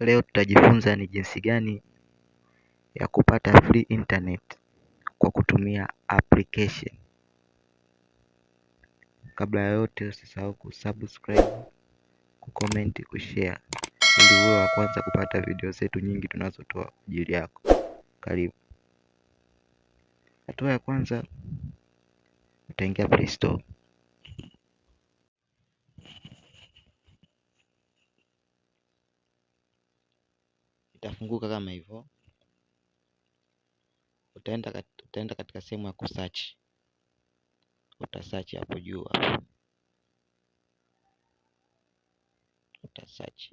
Leo tutajifunza ni jinsi gani ya kupata free internet kwa kutumia application. Kabla ya yote usisahau kusubscribe, kucomment, kushare ili uwe wa kwanza kupata video zetu nyingi tunazotoa kwa ajili yako. Karibu. Hatua ya kwanza utaingia Play Store. itafunguka kama hivyo. Utaenda, utaenda katika sehemu ya kusearch, utasearch hapo juu hapo, utasearch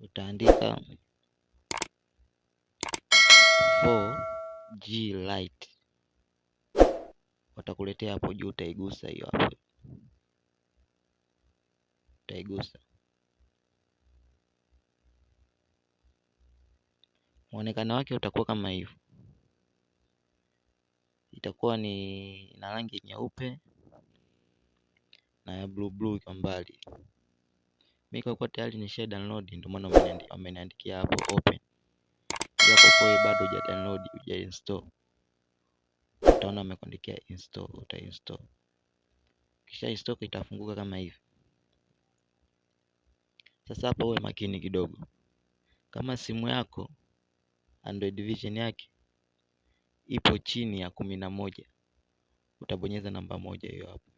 utaandika 4G Lite, watakuletea hapo juu, utaigusa hiyo hapo utaigusa. Muonekano wake utakuwa kama hivyo, itakuwa ni na rangi nyeupe na ya blue blue kwa mbali. Mimi kwa kuwa tayari nisha download, ndio maana wameniandikia hapo open. Yako kwa bado huja download huja install, utaona wamekuandikia install, uta install kisha install, itafunguka kama hivi. Sasa hapa uwe makini kidogo. Kama simu yako Android Vision yake ipo chini ya kumi na moja utabonyeza namba moja hiyo hapo,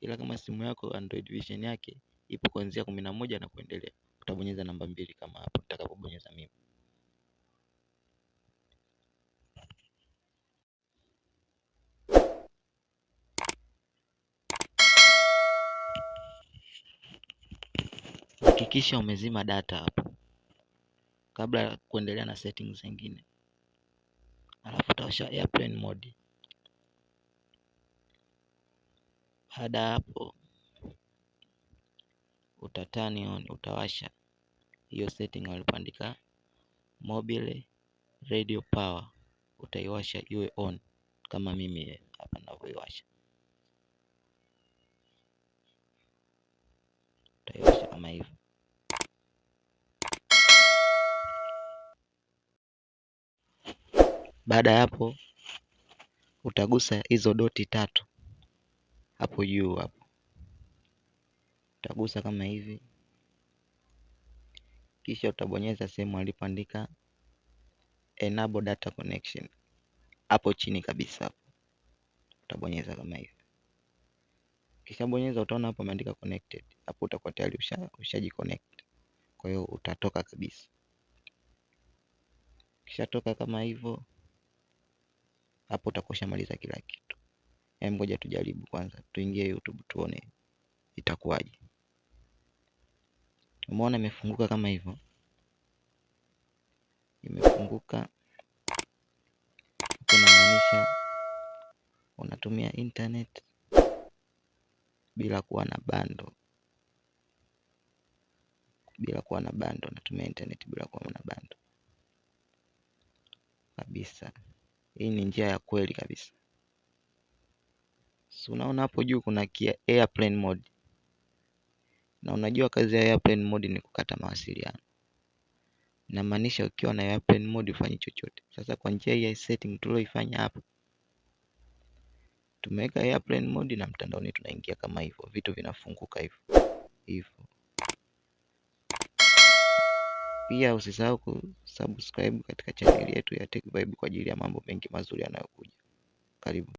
ila kama simu yako Android Vision yake ipo kuanzia kumi na moja na kuendelea utabonyeza namba mbili kama hapo. Hakikisha umezima data hapo kabla ya kuendelea na settings zingine, alafu utawasha airplane mode. Baada ya hapo, utatani on, utawasha hiyo setting walipandika mobile radio power, utaiwasha iwe on kama mimi hapa ninavyoiwasha. Utaiwasha kama hivyo. Baada ya hapo utagusa hizo doti tatu hapo juu, hapo utagusa kama hivi, kisha utabonyeza sehemu alipoandika enable data connection hapo chini kabisa, hapo utabonyeza kama hivi. bonyeza, utaona hapo ameandika connected, hapo utakuwa tayari ushaji connect. Kwa hiyo utatoka kabisa, kishatoka kama hivyo hapo utakuwa ushamaliza kila kitu. Hebu yaani ngoja tujaribu kwanza, tuingie YouTube tuone itakuwaje. Umeona imefunguka kama hivyo, imefunguka kunamaanisha unatumia internet bila kuwa na bando, bila kuwa na bando, unatumia internet bila kuwa na bando kabisa. Hii ni njia ya kweli kabisa. So, unaona hapo juu kuna kia airplane mode, na unajua kazi ya airplane mode ni kukata mawasiliano, inamaanisha ukiwa na airplane mode ufanye chochote. Sasa kwa njia hii ya setting tulioifanya hapa, tumeweka airplane mode na mtandaoni tunaingia kama hivyo, vitu vinafunguka hivyo hivyo. Pia usisahau kusubscribe katika chaneli yetu ya Tech Vibe kwa ajili ya mambo mengi mazuri yanayokuja. Karibu.